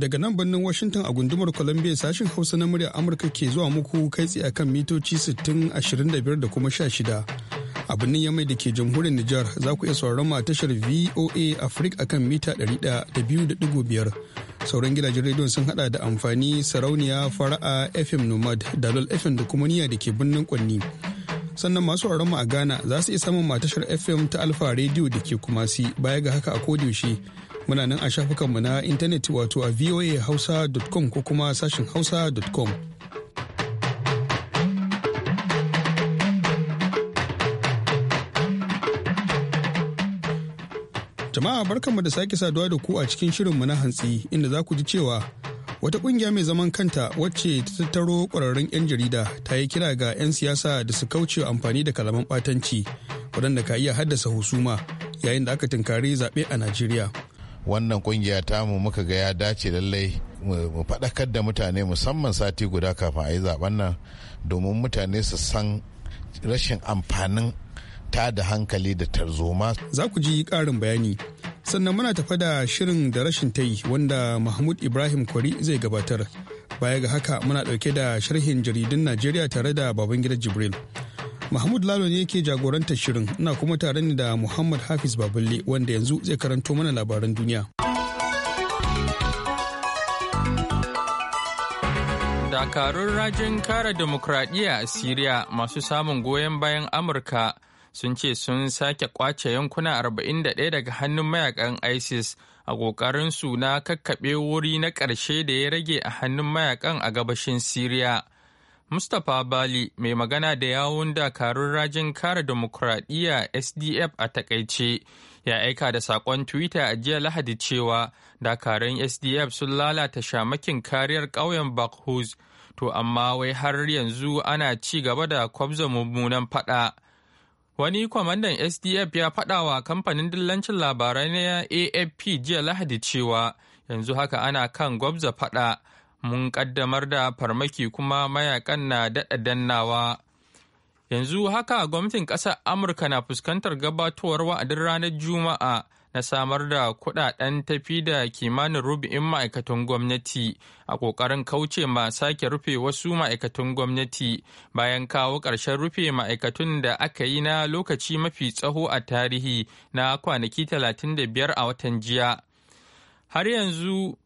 daga nan birnin Washington a gundumar Columbia sashin Hausa na murya Amurka ke zuwa muku kai tsaye akan mitoci sittin da kuma 16. A birnin Yamai da ke jamhuriyar Nijar za ku iya sauraron ma tashar VOA Africa akan mita 100.5. Sauran gidajen rediyon sun hada da amfani sarauniya fara'a FM Nomad, Dalol FM da kuma niya da ke birnin Kwanni. sannan masu mu a Ghana za su iya samun matashar FM ta Alfa Radio da ke Kumasi baya ga haka a kodiyoshi Muna nan a shafukanmu na intanet wato a voahausa.com ko kuma sashin hausa.com. Jama'a barkanmu da sake saduwa da ku a cikin mu na hantsi inda za ku ji cewa wata kungiya mai zaman kanta wacce ta tattaro kwararrun 'yan jarida ta yi kira ga 'yan siyasa da su kauce amfani da kalaman batanci waɗanda ka iya haddasa husuma yayin da aka tunkari zaɓe a Najeriya. wannan kungiya tamu muka ga ya dace lallai mu faɗakar da mutane musamman sati guda kafin a yi zaben nan domin mutane su san rashin amfanin ta da hankali da tarzoma. Za ku ji ƙarin bayani. Sannan muna tafa da shirin da rashin ta yi wanda Mahmud Ibrahim Kwari zai gabatar. Baya ga haka muna ɗauke da sharhin jaridun Najeriya tare da Babangida Jibril. Mahmud Lalo ne yake jagorantar shirin ina kuma tare ne da Muhammad Hafiz Baballe wanda yanzu zai karanto mana labaran duniya. Dakarun rajin kare demokradiyya a Siriya masu samun goyon bayan Amurka sun ce sun sake kwace yankuna 41 daga hannun mayakan ISIS a ƙoƙarinsu na kakkaɓe wuri na ƙarshe da ya rage a hannun mayakan a gabashin Siriya. Mustapha Bali mai magana da yawun dakarun rajin kare demokuraɗiyya SDF a takaice ya aika da saƙon Twitter a jiya Lahadi cewa dakarun SDF sun lalata shamakin kariyar ƙauyen Bakhuz to amma wai har yanzu ana ci gaba da kwabza mummunan faɗa. Wani kwamandan SDF ya faɗa wa kamfanin dillancin labarai na AFP jiya Lahadi cewa yanzu haka ana kan gwabza faɗa mun ƙaddamar da farmaki kuma mayakan na daɗa dannawa. Yanzu haka gwamnatin ƙasar Amurka na fuskantar gabatowar wa'adin ranar Juma'a na samar da kuɗaɗen tafi da kimanin rubi'in ma'aikatan gwamnati a ƙoƙarin kauce ma sake rufe wasu ma'aikatan gwamnati bayan kawo ƙarshen rufe ma'aikatun da aka yi na lokaci mafi tsaho a tarihi na kwanaki 35 a watan jiya. Har yanzu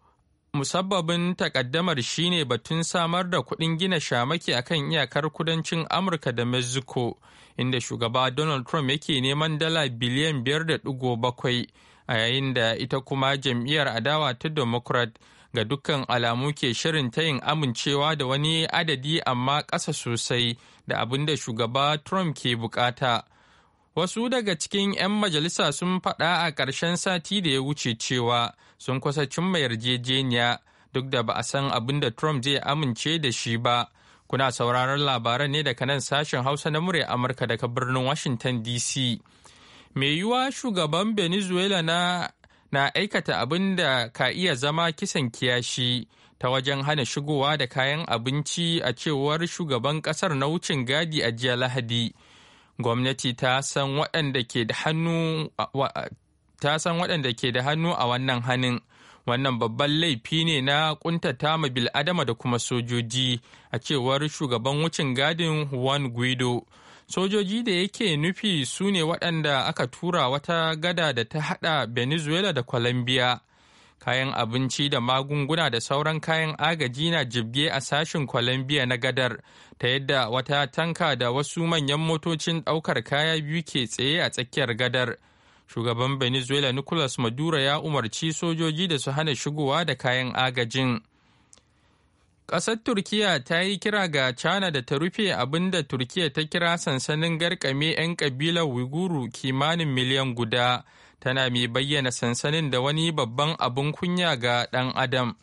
musabbabin takaddamar shine batun samar da kuɗin gina shamaki akan iyakar kudancin amurka da mexico inda shugaba donald trump yake neman dala biliyan biyar da bakwai a yayin da ita kuma jam'iyyar adawa ta democrat ga dukkan alamu ke shirin ta yin amincewa da wani adadi amma ƙasa sosai da abin da shugaba trump ke bukata wasu daga cikin 'yan majalisa sun faɗa a ƙarshen sati da ya wuce cewa sun kusa cimma yarjejeniya duk da ba a san abin da Trump zai amince da shi ba. Kuna sauraron labaran ne daga nan sashen Hausa na murya Amurka daga birnin Washington DC. Mai yiwuwa shugaban Venezuela na na aikata abin da ka iya zama kisan kiyashi ta wajen hana shigowa da kayan abinci a cewar shugaban kasar na wucin gadi a jiya lahadi gwamnati ta san waɗanda ke da hannu ta san waɗanda ke da hannu a wannan hannun wannan babban laifi ne na kuntata ma bil'adama da kuma sojoji a cewar shugaban wucin gadin juan guido sojoji da yake nufi su ne waɗanda aka tura wata gada da ta haɗa venezuela da colombia kayan abinci da magunguna da sauran kayan agaji na jibge a sashen colombia na gadar ta yadda wata tanka da wasu manyan motocin ɗaukar kaya biyu ke tsaye a tsakiyar gadar shugaban venezuela nicolas maduro ya umarci sojoji da su hana shigowa da kayan agajin ƙasar turkiya ta yi kira ga china da ta rufe abinda da turkiya ta kira sansanin garkame 'yan ƙabilar wiguru kimanin miliyan guda tana mai bayyana sansanin da wani babban abin kunya ga ɗan adam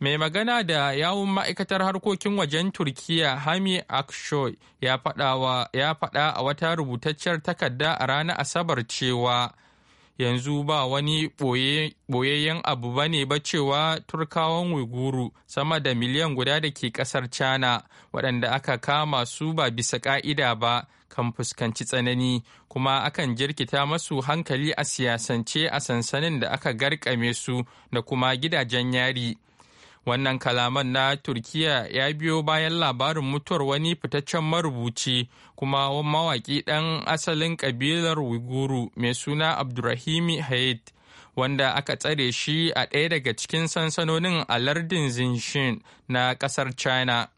mai magana da yawun ma'aikatar harkokin wajen turkiya hami akshoy ya faɗa a wata rubutacciyar takarda a ranar asabar cewa yanzu ba wani ɓoyayyen abu ba ne ba cewa turkawan uiguru sama da miliyan guda da ke ƙasar china waɗanda aka kama su ba bisa ƙa'ida ba kan fuskanci tsanani kuma akan jirkita masu hankali a siyasance a sansanin da aka garkame su da kuma gidajen yari. Wannan kalaman na Turkiya ya biyo bayan labarin mutuwar wani fitaccen marubuci kuma mawaƙi ɗan asalin ƙabilar Uiguru mai suna Abdurrahimi Hayat wanda aka tsare shi a ɗaya daga cikin sansanonin a lardin Zinshin na ƙasar China.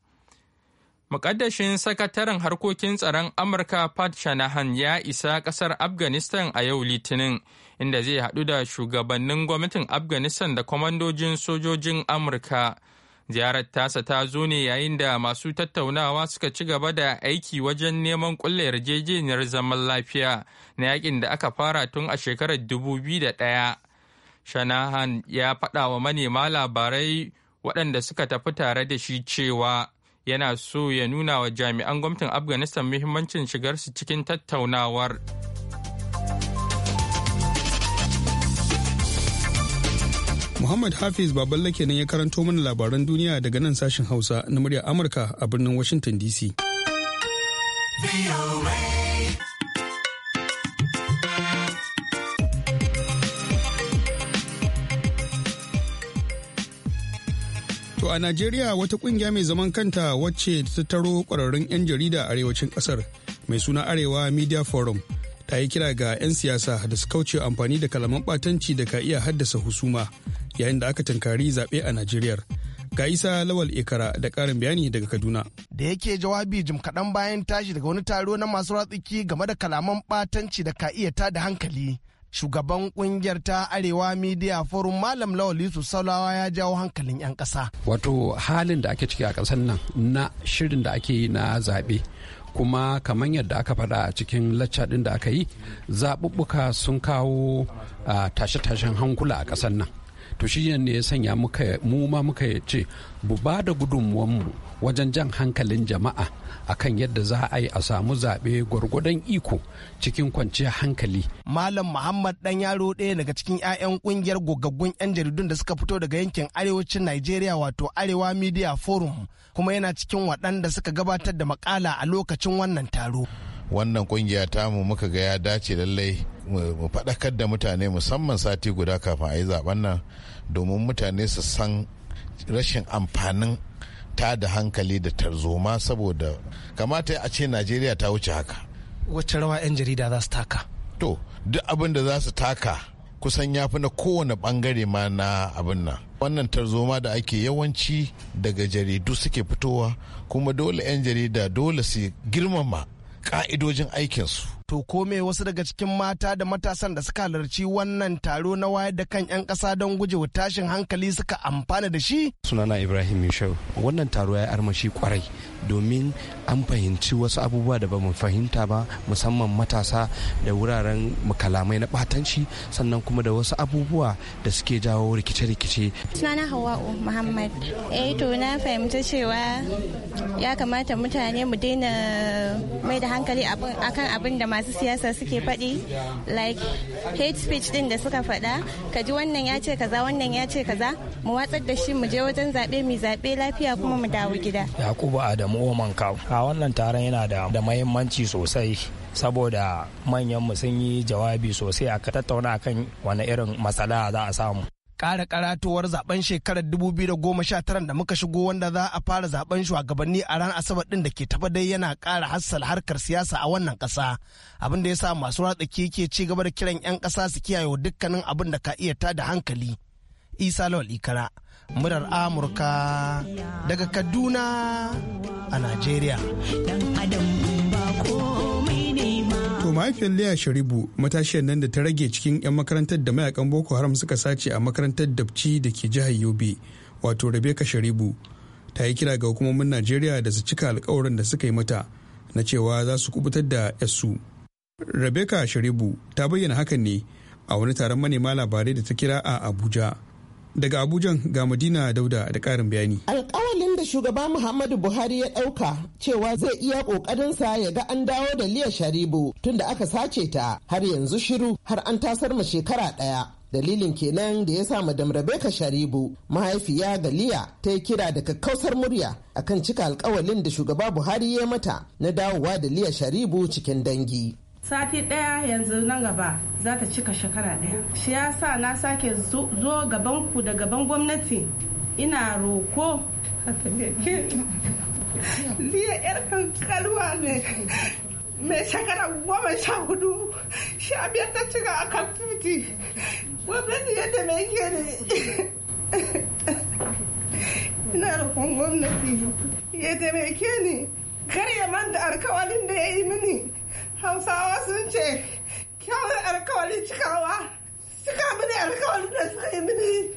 Mukaddashin sakataren harkokin tsaron Amurka Pat Shanahan ya isa ƙasar Afghanistan a yau Litinin inda zai haɗu da shugabannin gwamnatin afghanistan da kwamandojin sojojin amurka ziyarar tasa ta zo ne yayin da masu tattaunawa suka ci gaba da aiki wajen neman ƙulla yarjejeniyar zaman lafiya na yakin da aka fara tun a shekarar dubu biyu da ɗaya shanahan ya faɗa wa manema labarai waɗanda suka tafi tare da shi cewa yana so ya nuna wa jami'an gwamnatin afghanistan muhimmancin shigarsu cikin tattaunawar. Muhammad Hafiz Baballe kenan ya karanto mana labaran duniya daga nan sashen Hausa na murya Amurka a birnin Washington DC. To a Najeriya wata kungiya mai zaman kanta wacce ta taro kwararrun 'yan jarida a arewacin kasar mai suna Arewa Media Forum ta yi kira ga 'yan siyasa da su kauce amfani da kalaman batanci da ka iya haddasa husuma. yayin da aka tunkari zaɓe a Najeriya. Ga Isa Lawal Ikara da ƙarin bayani daga Kaduna. Da yake jawabi jim kaɗan bayan tashi daga wani taro na masu ratsiki game da kalaman ɓatanci da ka iya tada hankali. shugaban kungiyar ta arewa media forum malam Lawal lawali salawa ya jawo hankalin 'yan ƙasa. wato halin da ake ciki a ƙasar nan na shirin da ake yi na zaɓe kuma kamar yadda aka faɗa a cikin lacca ɗin da aka yi zaɓuɓɓuka sun kawo ah, tashe-tashen hankula a ƙasar nan to shi ne ya sanya muka mu ma muka ce bu ba da mu wajen jan hankalin jama'a akan yadda za a yi a samu zaɓe gwargwadon iko cikin kwanciyar hankali. Malam Muhammad ɗan yaro ɗaya daga cikin 'ya'yan ƙungiyar gogaggun 'yan jaridun da suka fito daga yankin arewacin Najeriya wato Arewa Media Forum kuma yana cikin waɗanda suka gabatar da maƙala a lokacin wannan taro. wannan kungiya mu muka ga ya dace lallai mu faɗakar da mutane musamman sati guda kafin a yi zaben nan domin mutane su san rashin amfanin ta da hankali da tarzoma saboda kamata a ce najeriya ta wuce haka wacce rawa 'yan jarida za su taka to duk abin da za su taka kusan ya fi na kowane bangare ma na abin nan wannan tarzoma da ake yawanci daga jaridu suke fitowa kuma dole 'yan jarida dole su girmama ka'idojin aikinsu To ko me wasu daga cikin mata da matasan da suka halarci wannan taro na wayar da kan 'yan ƙasa don gujewa tashin hankali suka amfana da shi? Sunana Ibrahim Mishau. Wannan taro ya armashi kwarai domin an fahimci wasu abubuwa da ba mu fahimta ba musamman matasa da wuraren makalamai na batanci sannan kuma da wasu abubuwa da suke jawo rikice-rikice. Sunana Hawa'u Muhammad. Eh to na fahimta cewa ya kamata mutane mu daina mai da hankali akan abin da masu siyasa suke faɗi like hate speech din da suka faɗa ka ji wannan ya ce kaza wannan ya ce kaza mu watsar da shi mu je wajen zaɓe mu zaɓe lafiya kuma mu dawo gida yakubu adamu oman kawo a wannan taron yana da mahimmanci sosai saboda manyan mu sun yi jawabi sosai aka tattauna akan wani irin matsala za a samu kara karatuwar zaben shekarar 2019 da muka shigo wanda za a fara zaben shugabanni a ran asabar din da ke tafa dai yana kara hassal harkar siyasa a wannan ƙasa abin da ya sa masu ratsa keke ci gaba da kiran 'yan ƙasa su kiyaye dukkanin abin da ka iya tada hankali isa lawal ikara murar amurka daga kaduna a najeriya mahaifiyar Liya Sharibu matashiyar nan da ta rage cikin 'yan makarantar da mayakan Boko Haram suka sace a makarantar Dabci da ke jihar Yobe wato Rebecca Sharibu ta yi kira ga hukumomin Najeriya da su cika alkawarin da suka yi mata na cewa za su kubutar da 'yarsu. Rebecca Sharibu ta bayyana hakan ne a wani taron manema labarai da ta kira a Abuja. Daga abuja ga Madina Dauda da karin bayani. da shugaba Muhammadu Buhari ya ɗauka cewa zai iya sa ya ga an dawo da Liya Sharibu tunda aka sace ta har yanzu shiru har an tasar ma shekara ɗaya. dalilin kenan da ya sa madam Rebecca Sharibu mahaifiya ga Liya ta yi kira da kakkausar murya akan cika alkawalin da shugaba Buhari ya mata na dawowa da Liya Sharibu cikin dangi. Sati ɗaya yanzu nan gaba za ta cika shekara ɗaya. Shi ya sa na sake zo gabanku da gaban gwamnati ina roko haka liya yar kankarwa ne mai shekara goma sha hudu sha biyar ta cika a kan titi gwamnati yadda mai ke ne ina gwamnati ni kar ya manta alkawalin da ya yi mini hausawa sun ce kyawun alkawali cikawa suka mini alkawalin da suka yi mini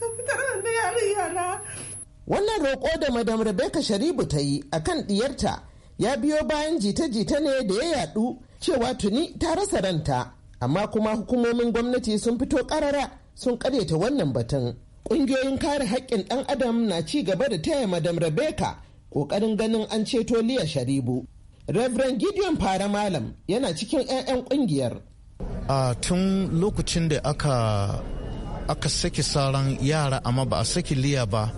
sun fitar da yarinya yana. wannan roƙo da madam rebecca sharibu ta yi a kan ɗiyarta ya biyo bayan jita-jita ne da ya yaɗu cewa tuni ta rasa ranta amma kuma hukumomin gwamnati sun fito ƙarara sun ƙaryata wannan batun ƙungiyoyin kare haƙƙin ɗan adam na ci gaba da taya madam rebecca ƙoƙarin ganin an ceto liya sharibu reverend gideon fara malam yana cikin 'ya'yan ƙungiyar a tun lokacin da aka sake saran yara amma ba a saki liya ba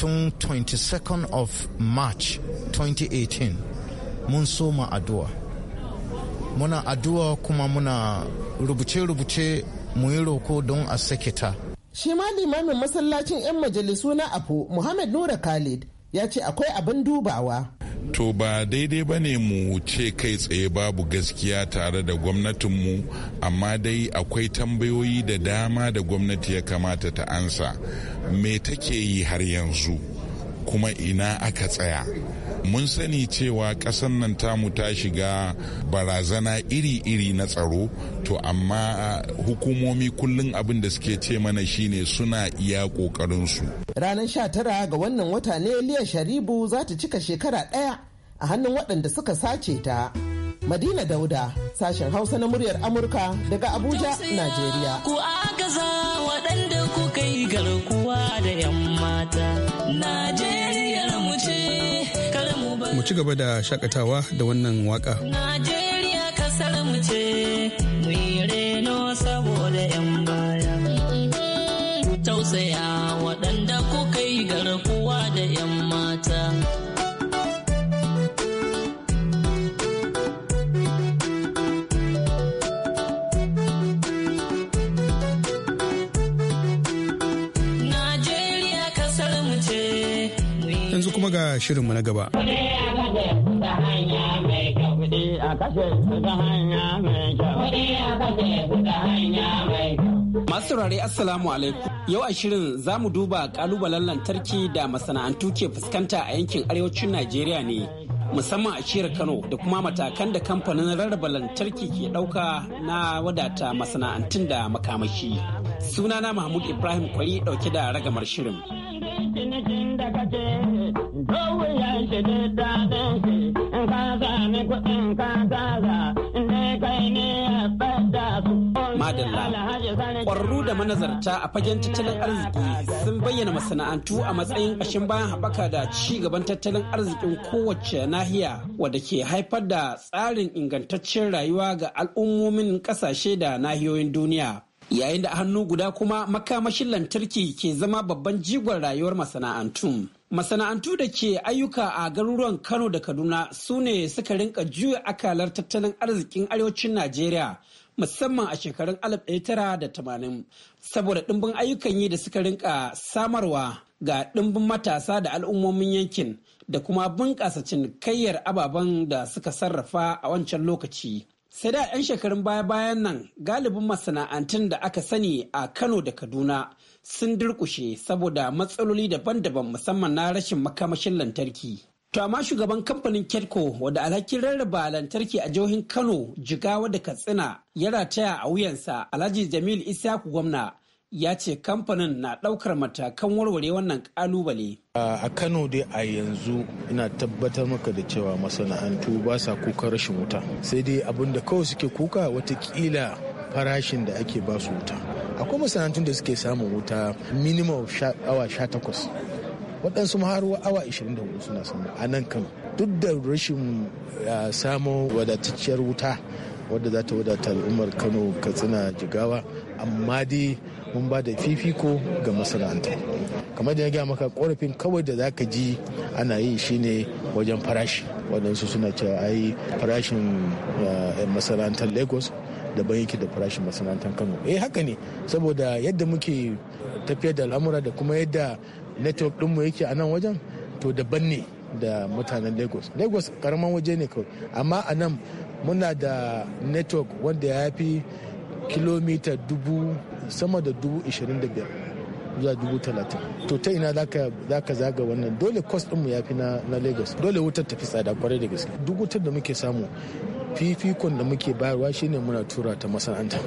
tun 22nd of march 2018 mun soma addu'a muna addu'a kuma muna rubuce-rubuce mu yi roko don a sake ta shi ma limamin masallacin 'yan majalisu na afo muhammad nura khalid ya ce akwai abin dubawa to ba daidai ba ne mu ce kai tsaye babu gaskiya tare da gwamnatinmu amma dai akwai tambayoyi da dama da gwamnati ya kamata ta ansa me take yi har yanzu kuma ina aka tsaya mun sani cewa ƙasar nan tamu ta shiga barazana iri-iri na tsaro to amma hukumomi kullum abin da suke ce mana shine suna iya ƙoƙarinsu ranar sha tara ga wannan wata ne liya sharibu za ta cika shekara ɗaya a hannun waɗanda suka sace ta madina dauda sashen hausa na muryar amurka daga abuja najeriya ku agaza waɗanda garkuwa da 'yan mata Mu ci gaba da shakatawa da wannan waƙa. ga shirinmu na gaba. Masu saurare Assalamu alaikum. Yau a shirin za mu duba kalubalen lantarki da masana'antu ke fuskanta a yankin arewacin Najeriya ne. musamman a shiyar Kano da kuma matakan da kamfanin rarraba lantarki ke ɗauka na wadata masana'antun da makamashi. Sunana Mahmud Ibrahim Kwari ɗauke da ragamar shirin. shi Madalla, ƙwararru da manazarta a fagen tattalin arziki sun bayyana masana'antu a matsayin ƙashin bayan haɓaka da ci gaban tattalin arzikin kowace nahiya wadda ke haifar da tsarin ingantaccen rayuwa ga al'ummomin ƙasashe da nahiyoyin duniya. Yayin da hannu guda kuma makamashin lantarki ke zama babban jigon rayuwar masana'antun. Masana'antu da ke ayyuka a garuruwan Kano da Kaduna su ne suka rinka juya akalar tattalin arzikin arewacin Najeriya musamman a shekarun 1980 saboda ɗimbin ayyukan yi da suka rinka samarwa ga ɗimbin matasa da al'ummomin yankin da kuma bunƙasa cinikayyar ababen da suka sarrafa a wancan lokaci. Sai da 'yan shekarun baya-bayan nan galibin masana'antun da aka sani a Kano da Kaduna sun durkushe saboda matsaloli daban-daban musamman na rashin makamashin lantarki. To amma shugaban kamfanin Ketco wadda alhakin rarraba lantarki a jihohin Kano, Jigawa da Katsina ya rataya a wuyansa Alhaji Jamil Isaku gwamna ya ce kamfanin na daukar matakan warware wannan kalubale. a kano dai a yanzu ina tabbatar maka da cewa masana'antu ba sa kuka rashin wuta sai dai abin da kawai suke kuka watakila farashin da ake ba su wuta akwai masana'antun da suke samun wuta minimum awa sha takwas waɗansu har awa 24 suna samu a nan kano duk da rashin samun wadatacciyar wuta wadda za ta wadata al'ummar kano katsina jigawa amma dai mun ba da fifiko ga masana'anta kamar da ya gaya maka korafin kawai da zaka ji ana yi shine wajen farashi waɗansu suna cewa ai farashin masana'antar lagos daban yake da farashin masana'antar kano eh haka ne saboda yadda muke tafiyar da al'amura da kuma yadda network dinmu yake a nan wajen to daban ne da mutanen lagos lagos karaman waje ne kawai amma a nan muna da network wanda ya fi kilomita dubu sama da dubu ishirin da biyar zuwa dubu talatin to ta ina za ka zaga wannan dole cost ɗinmu ya fi na lagos dole wutar tafi tsada kwarai da gaske duk wutar da muke samu fifikon da muke bayarwa shine muna tura ta masana'anta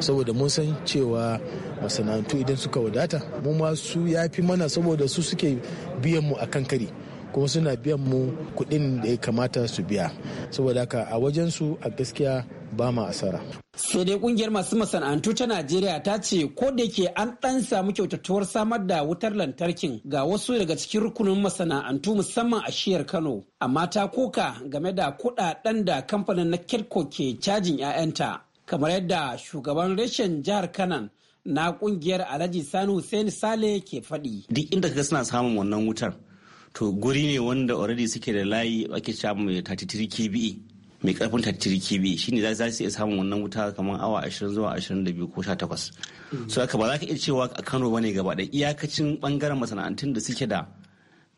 saboda mun san cewa masana'antu idan suka wadata mu ma su ya fi mana saboda su suke biyan mu akan kari kuma suna biyan mu kuɗin da ya kamata su biya saboda haka a wajen su a gaskiya ba ma asara. sai dai kungiyar masu masana'antu ta najeriya ta ce ko da yake an dan samu kyautatuwar samar da wutar lantarkin ga wasu daga cikin rukunin masana'antu musamman a shiyar kano amma ta kuka game da kudaden da kamfanin na kirko ke cajin 'ya'yanta kamar yadda shugaban reshen jihar kanan na kungiyar alhaji sani hussein sale ke faɗi. duk inda kaga suna samun wannan wutar to guri ne wanda already suke da layi ake cewa mai 33 kba mai karfin tattiri kb shine za su iya samun wannan wuta kamar awa 20 zuwa 22 ko 18 mm. so haka ba za ka iya cewa a kano bane gaba da iyakacin bangaren masana'antun da suke da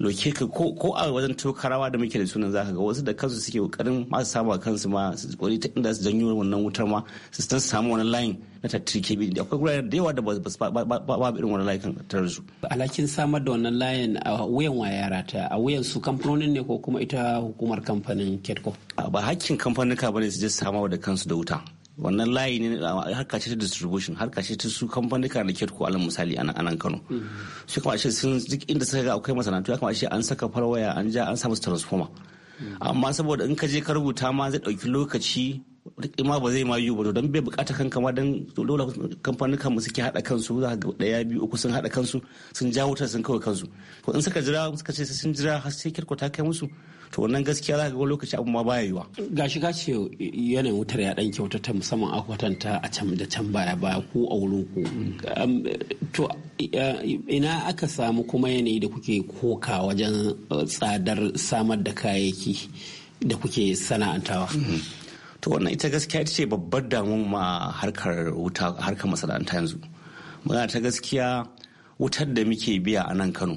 loke ka ko a wajen tokarawa da muke da sunan zaka ga wasu da kansu suke kokarin su samu kansu ma su kokari ta inda su janyo wannan wutar ma su san samu wani layin na tattiri ke bi akwai gurare da yawa da ba ba irin wani layin kan su alhakin samar da wannan layin a wuyan wa yara ta a wuyan su kamfanonin ne ko kuma ita hukumar kamfanin ketco ba hakkin kamfanin ka bane su je samu da kansu da wuta wannan layi ne harka ce ta distribution harka ce ta su kan da ko alam misali a nan kano mm-hmm. su kama ce sun duk inda suka ga akwai masana'antu ya kama ce an saka farwaya an ja an samu transformer mm-hmm. amma saboda in ka je ka rubuta ma zai dauki lokaci ma ba zai ma yiwu ba to don bai bukata kanka ma don dole kamfanin kanmu suke haɗa kansu za ka ga daya biyu uku sun haɗa kansu sun ja wutar sun kawai kansu Ko in suka jira suka ce sun jira har sai kirko ta kai musu to wannan gaskiya za ka ga lokaci abin ma baya yiwa gashi ka ce yanayin wutar ya dan kyauta ta musamman a kwatanta a can da can baya ba ko a wurin ku um, to eh, ina aka samu kuma yanayi da kuke koka wajen eh, tsadar samar da kayayyaki da kuke sana'antawa mm-hmm. to wannan ita gaskiya ita ce babbar damu ma harkar wuta harkar masana'anta yanzu magana ta gaskiya wutar da muke biya a nan kano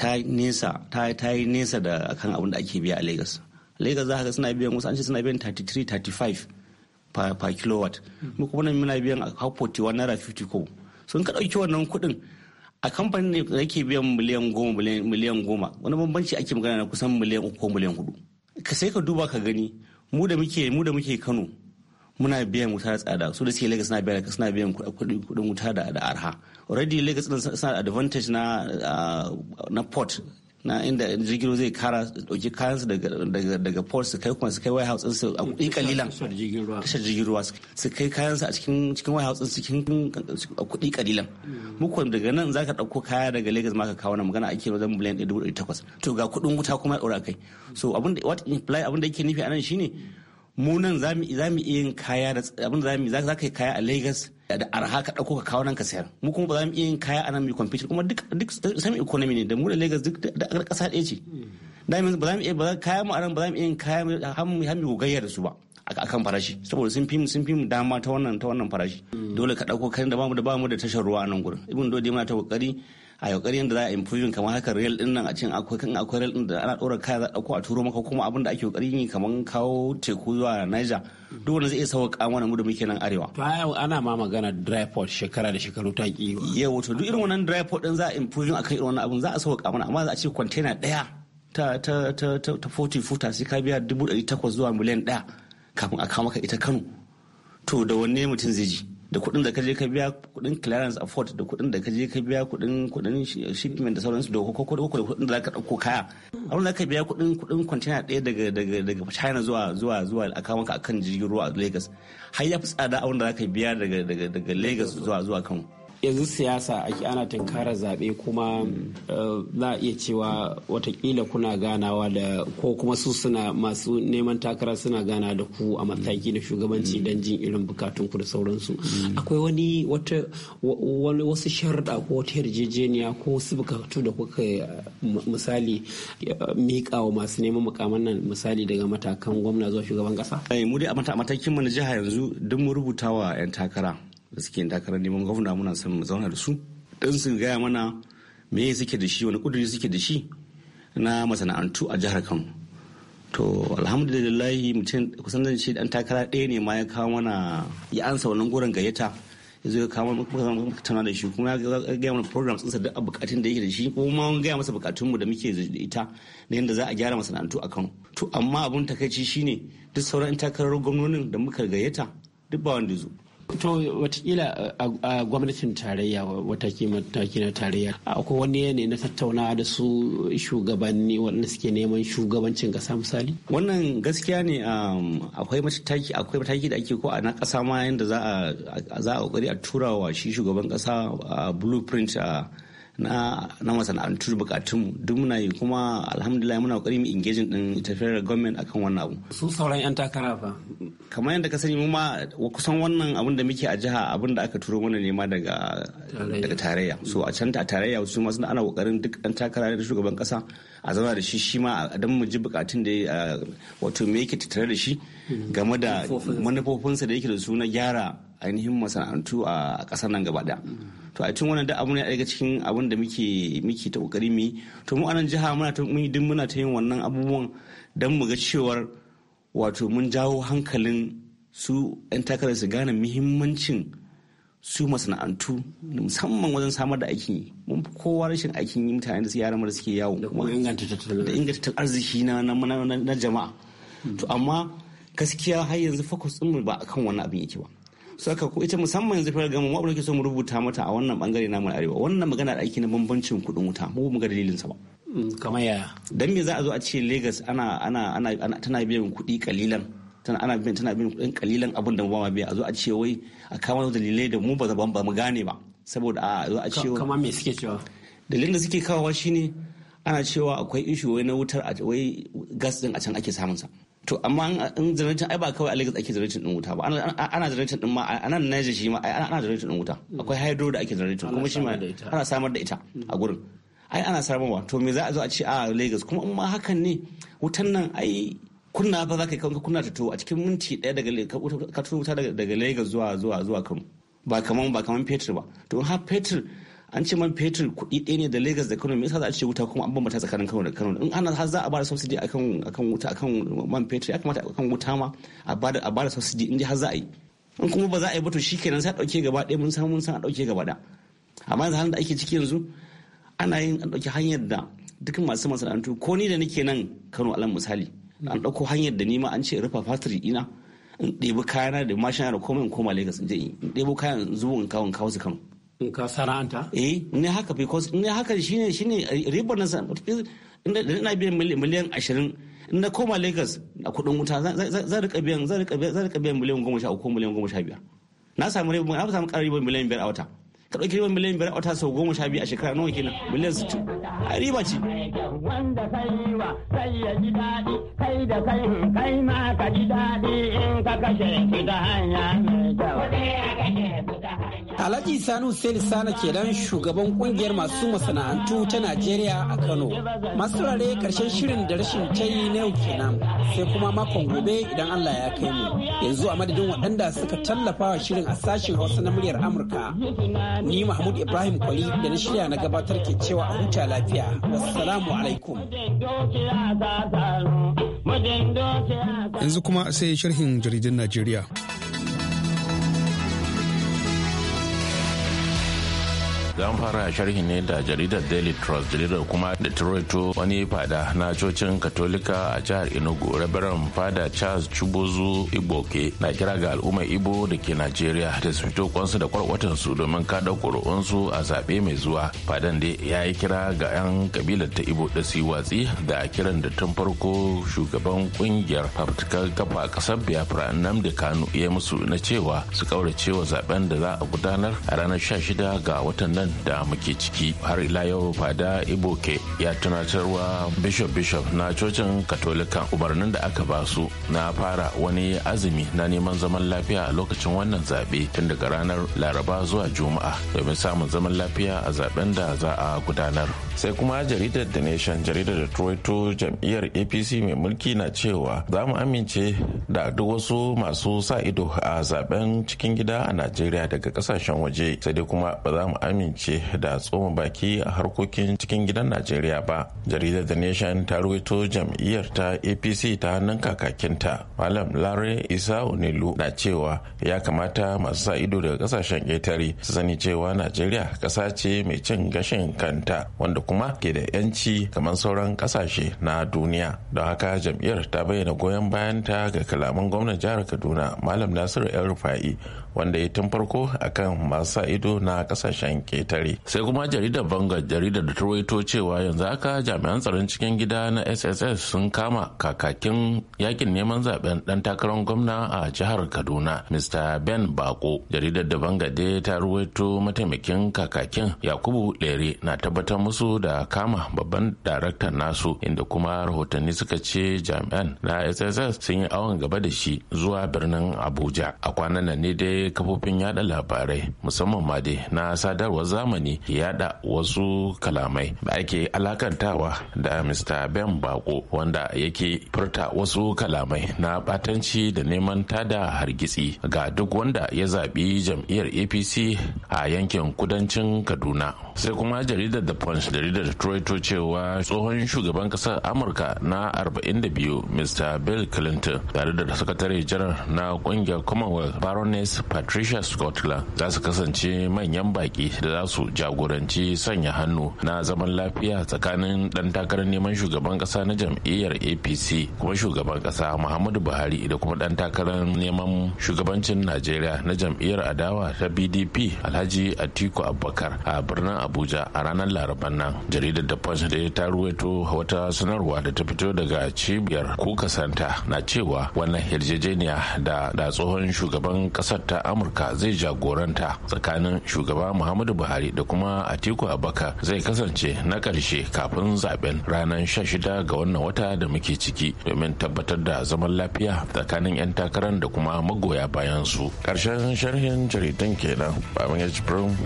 ta nesa ta yi nesa da kan abin da ake biya a Lagos Lagos za ka suna biyan wasu an ce suna biyan 33 35 per kilowatt mu kuma nan muna biyan har 41 naira 50 ko sun ka dauki wannan kudin a kamfanin ne da yake biyan miliyan goma miliyan goma wani bambanci ake magana na kusan miliyan uku ko miliyan hudu ka sai ka duba ka gani mu da muke mu da muke Kano muna biyan wuta da tsada su da suke Lagos suna biyan suna biyan kudin wuta da da arha already Lagos din suna advantage na na port na inda jirgin zai kara dauki kayan su daga daga port su kai kuma su kai white house su a kudi kalilan tashar jirgin ruwa su kai kayan su a cikin cikin warehouse su cikin kudi kalilan hmm. mu kuma daga nan zaka dauko kaya daga Lagos ma ka kawo na magana ake wajen miliyan 1800 to ga kudin wuta kuma ya dora kai so abin what imply abin da yake nufi anan shine mu nan za mu iya yin kaya da abin da za ka yi kaya a Lagos da arha ka dauko ka kawo nan ka sayar mu kuma ba za mu iya yin kaya a nan mu compete kuma duk duk sami economy ne da mu da Lagos duk da ƙasa ɗaya ce hmm. da yanzu ba za mu iya ba kaya mu a nan ba za mu iya yin kaya har mu har mu gogayya da su ba akan farashi saboda sun fi sun fi mu dama ta wannan ta wannan farashi hmm. dole ka dauko kan da bamu da bamu da tashar ruwa a nan gurin ibn dole muna ta kokari a yaukarin da za a improving kamar haka rail din nan a cikin akwai kan akwai rail din da ana dora kaya za a dauko a turo maka kuma abin da ake kokari yi kamar kawo teku zuwa Niger duk wanda zai iya sauka mana mu da muke nan arewa to ana ma magana dry port shekara da shekaru ta ki yau wato duk irin wannan dry port din za a improving akan irin wannan abin za a sauka mana amma za a ce container daya ta ta ta ta 40 footer sai ka biya 800 zuwa miliyan daya kafin a kawo maka ita Kano to da wanne mutum zai ji da kuɗin da ka je ka biya kuɗin clearance afford da kuɗin da ka je ka biya kuɗin kuɗin shipment da sauransu da ko da kuɗin da ka ɗauko kaya abin da ka biya kuɗin kuɗin container ɗaya daga daga daga China zuwa zuwa zuwa a kawo maka akan jirgin ruwa a Lagos har ya fi tsada abin da za ka biya daga daga daga Lagos zuwa zuwa Kano yanzu siyasa ake ana tunkara zaɓe kuma eh, za a iya cewa watakila kuna ganawa da ko kuma su suna masu neman takara suna gana da ku a mataki na shugabanci mm. don jin irin bukatun ku da sauransu mm. akwai wani wata wasu sharuɗa ko wata yarjejeniya ko wasu bukatu da kuka misali miƙa wa masu neman mukaman nan misali daga matakan gwamna zuwa shugaban ƙasa. Eh, mu dai a matakin mu na jiha yanzu duk mu rubuta wa 'yan takara da suke takarar neman gwamna muna son mu zauna da su don su gaya mana me suke da shi wani kuduri suke da shi na masana'antu a jihar kano to alhamdulillah mutum kusan zan ce dan takara ɗaya ne ma ya kawo mana ya ansa wannan goron gayyata ya zo ya kawo mana zan tana da shi kuma ya gaya mana programs ɗinsa duk bukatun da yake da shi kuma mun gaya masa bukatun mu da muke da ita na yadda za a gyara masana'antu a kano to amma abun takaici shine duk sauran takarar gwamnonin da muka gayyata duk ba wanda zo to watakila a gwamnatin tarayya wataki mataki na tarayya akwai wani ne na tattaunawa da su shugabanni waɗanda suke neman shugabancin ƙasa misali wannan gaskiya ne um, akwai mataki akwai mataki da ake ko a na ƙasa ma yadda za a ƙoƙari a tura wa shi shugaban ƙasa uh, blueprint a uh, na na masana'antu bukatun duk muna yi kuma alhamdulillah muna kokari mu engaging din ita federal government akan wannan abu su sauran yan takara ba. kamar yadda ka sani mu ma kusan wannan abun da muke a jiha abun da aka turo mana nema daga daga tarayya so a can ta tarayya su ma suna ana kokarin duk yan takara da shugaban kasa a zauna da shi shi ma don mu ji bukatun da wato me yake tattare da shi game da manufofinsa da yake da su na gyara ainihin masana'antu a kasar nan gaba da to a cikin wannan da abu ne daga cikin abin da muke muke ta kokari mu to mu anan jiha muna ta mun din muna ta yin wannan abubuwan dan mu ga cewar wato mun jawo hankalin su 'yan takarar su gane muhimmancin su masana'antu musamman wajen samar da aikin yi mun fi kowa rashin aikin yi mutane da su yaran da suke yawo da inganta tattalin arziki na jama'a to amma gaskiya har yanzu focus din ba akan wani abin yake ba so aka ko ita musamman yanzu fara gama mu ke so mu rubuta mata a wannan bangare namu arewa wannan magana da aiki na bambancin kuɗin wuta mu mu ga dalilin sa ba mm, kamar ya dan me za a zo a ce Lagos ana ana ana tana biyan kuɗi kalilan tana ana biyan tana biyan kuɗin kalilan abin da mu ba ma biya a zo a ce wai a kawo dalilai da mu ba ba mu gane ba saboda a zo a ce kamar me suke cewa dalilin da suke kawowa shine ana cewa akwai ishu wai na wutar wai gas din a can ake samun sa to amma in generation ai ba kawai a Lagos ake generation din wuta ba ana generation din ma a nan Niger shi ma ana generation din wuta hmm. akwai hydro da ake generation kuma shi ma ana samar da ita a hmm. gurin ai ana samarwa to me za a zo a ce a Lagos kuma in ma hakan ne wutan nan ai kunna ba za ka kai kunna ta to a cikin minti daya daga ka wuta daga Lagos zuwa zuwa zuwa Kano ba kaman ba kaman petrol ba to in har petrol an ce man fetur kuɗi ɗaya ne da Lagos da Kano me yasa za a ce wuta kuma an bambanta tsakanin Kano da Kano in ana har za a bada subsidy akan akan wuta akan man fetur ya kamata akan wuta ma a bada a bada subsidy in har za a yi in kuma ba za a yi ba to shikenan sai a dauke gaba ɗaya mun san mun san a dauke gaba da amma yanzu halin da ake ciki yanzu ana yin an dauki hanyar da duk masu masana'antu ko ni da nake nan Kano alan misali an dauko hanyar da ni ma an ce rufa factory ina in ɗebi kayana da mashina da komai in koma Lagos in je in ɗebo kayan zuwa in kawo in kawo su Kano ka sana'anta eh ne haka because ne haka shine shine ribar na ina biyan miliyan ashirin in na koma lagos a kudin wuta zan rika biyan zan rika biyan zan rika biyan miliyan goma sha miliyan goma sha na samu ribar na samu karar ribar miliyan biyar a wata ka ɗauki ribar miliyan biyar a wata sau goma sha a shekara nawa kenan miliyan sittin a riba ce. wanda kai wa sai ya ji daɗi kai da kai kai ma ka ji daɗi in ka kashe ki da hanya mai kyau. Alhaji Sanu Sale Sana kenan shugaban kungiyar masu masana'antu ta Najeriya a Kano. Masu rare karshen shirin da rashin tayi na yau kenan sai kuma makon gobe idan Allah ya kai mu. Yanzu a madadin waɗanda suka tallafa wa shirin a sashen Hausa na muryar Amurka. Ni Mahmud Ibrahim Kwali da na shirya na gabatar ke cewa a huta lafiya. Assalamu alaikum. Yanzu kuma sai sharhin jaridun Najeriya. don fara sharhi ne da jaridar daily trust jaridar kuma detroit wani fada na cocin katolika a jihar enugu rabaran fada charles chubozu iboke na kira ga al'ummar ibo da ke najeriya da su fito kwansu da kwarwatansu domin kada kuri'unsu a zaɓe mai zuwa fadan da ya yi kira ga 'yan kabilar ta ibo da su watsi da kiran da tun farko shugaban kungiyar fafutukar kafa kasar biafra namdi kanu ya musu na cewa su kaurace wa zaben da za a gudanar a ranar shida ga watan nan da muke ciki har ila yau fada iboke ya tunatarwa bishop bishop na cocin katolika umarnin da aka ba su na fara wani azumi na neman zaman lafiya a lokacin wannan zaɓe tun daga ranar laraba zuwa juma'a domin samun zaman lafiya a zaben da za a gudanar sai kuma jaridar the nation jaridar detroit jam'iyyar apc mai mulki na cewa za mu amince da duk wasu masu sa ido a zaben cikin gida a najeriya daga kasashen waje sai dai kuma ba za mu amince kasance da tsoma baki a harkokin cikin gidan najeriya ba jaridar the nation ta ruwaito jam'iyyar ta apc ta hannun kakakinta malam lare isa onilu na cewa ya kamata masu sa ido daga kasashen ƙetare su sani cewa najeriya ƙasa ce mai cin gashin kanta wanda kuma ke da 'yanci kamar sauran ƙasashe na duniya don haka jam'iyyar ta bayyana goyon bayanta ga kalaman gwamnan jihar kaduna malam nasiru yan rufa'i wanda ya tun farko akan masu ido na kasashen ketare sai kuma jaridar bangar jaridar da ta cewa yanzu haka jami'an tsaron cikin gida na sss sun kama kakakin yakin neman zaben dan takarar gwamna a jihar kaduna mr ben bako jaridar da bangar ta ruwaito mataimakin kakakin yakubu lere na tabbatar musu da kama babban daraktan nasu inda kuma rahotanni suka ce jami'an na sss sun yi awon gaba da shi zuwa birnin abuja a kwanan nan ne dai kafofin yada labarai musamman ma dai na sadarwar zamani yada wasu kalamai da ake alakantawa da mr ben bako wanda yake furta wasu kalamai na batanci da neman tada hargitsi ga duk wanda ya zaɓi jam'iyyar apc a yankin kudancin kaduna sai kuma jaridar the punch jaridar to cewa tsohon shugaban ƙasar amurka na 42 mr bill clinton tare da sakatare janar na ƙungiyar commonwealth baroness patricia scotland za su kasance manyan baki da za su jagoranci sanya hannu na zaman lafiya tsakanin dan takarar neman shugaban kasa na jam'iyyar apc kuma shugaban kasa muhammadu buhari da kuma dan takarar neman shugabancin najeriya na jam'iyyar adawa ta pdp alhaji atiku abubakar a birnin abuja a ranar laraban nan jaridar da punch da ta ruwaito wata sanarwa da ta fito daga cibiyar kuka santa na cewa wannan yarjejeniya da tsohon shugaban kasar ta amurka zai jagoranta tsakanin shugaba muhammadu buhari da kuma atiku abubakar zai kasance na karshe kafin zaben ranar 16 ga wannan wata da muke ciki domin tabbatar da zaman lafiya tsakanin 'yan takarar da kuma magoya bayan su karshen sharhin jaridan kenan baban ya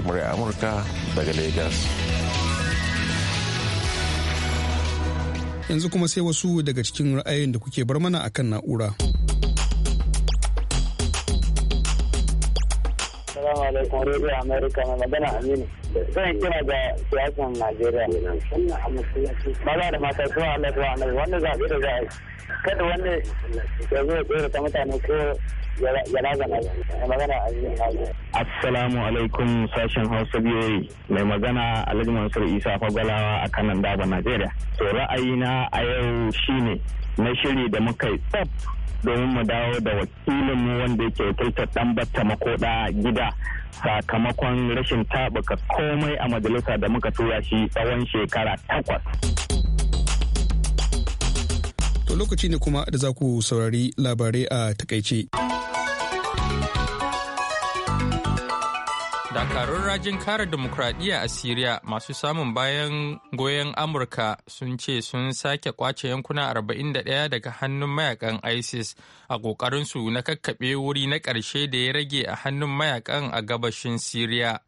murya amurka daga lagos yanzu kuma sai wasu daga cikin ra'ayin da kuke bar mana akan na'ura. alaikum radio america mai magana aminu zan kira ga siyasan najeriya maza da mata su allah su annabi wanda zaɓe da za a yi kada wanda ya zo ya tsere ta mutane ko ya razana mai magana aminu assalamu alaikum sashen hausa biyoyi mai magana alhaji mansur isa fagalawa a kanan daba najeriya to ra'ayina a yau shine na shiri da muka yi tsaf domin mu dawo da wakilinmu wanda yake wakiltar dan batta makoda gida sakamakon rashin taɓuka komai a majalisa da muka tura shi tsawon shekara takwas. To lokaci ne kuma da za ku saurari labarai a takaice. dakarun rajin kare demokradiyya a siriya masu samun bayan goyon amurka sun ce sun sake kwace yankuna 41 daga hannun mayakan isis a kokarinsu na kakkaɓe wuri na ƙarshe da ya rage a hannun mayakan a gabashin siriya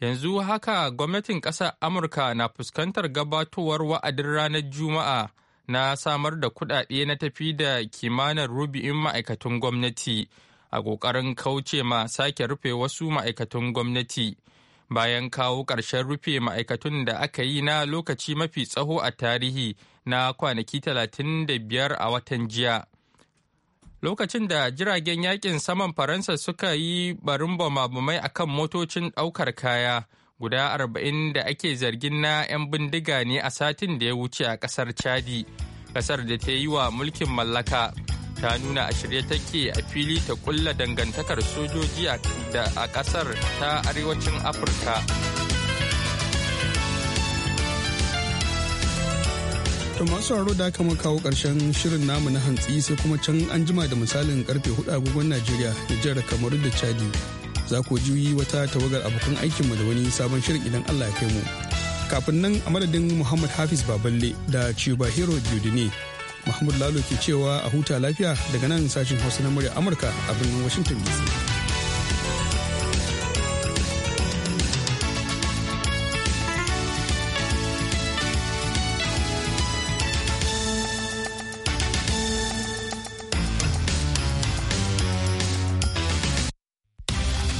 yanzu haka gwamnatin ƙasar amurka na fuskantar gabatowar wa'adin ranar juma'a na samar da kuɗaɗe na tafi da kimanin rubi'in ma'aikatan gwamnati a ƙoƙarin kauce ma sake rufe wasu ma'aikatun gwamnati bayan kawo ƙarshen rufe ma'aikatun da aka yi na lokaci mafi tsaho a tarihi na kwanaki 35 a watan jiya. Lokacin da jiragen yakin saman Faransa suka yi barin bamabamai a kan motocin ɗaukar kaya guda arba'in da ake zargin na 'yan bindiga ne a satin da ya wuce a ƙasar Chadi, ƙasar da ta yi wa mulkin mallaka. ta nuna a shirye take a fili ta kulla dangantakar sojoji a kasar ta arewacin afirka to masu sauraro da aka kawo karshen shirin namu na hantsi sai kuma can an jima da misalin karfe hudu agogon najeriya jihar kamaru da chadi za ku juyi wata tawagar abokan aikinmu da wani sabon shirin idan allah ya kai mu kafin nan a madadin muhammad hafiz baballe da ciba hero ne Mahmud Lalo ke cewa a huta lafiya daga nan sashen Hausa na murya Amurka a birnin Washington DC.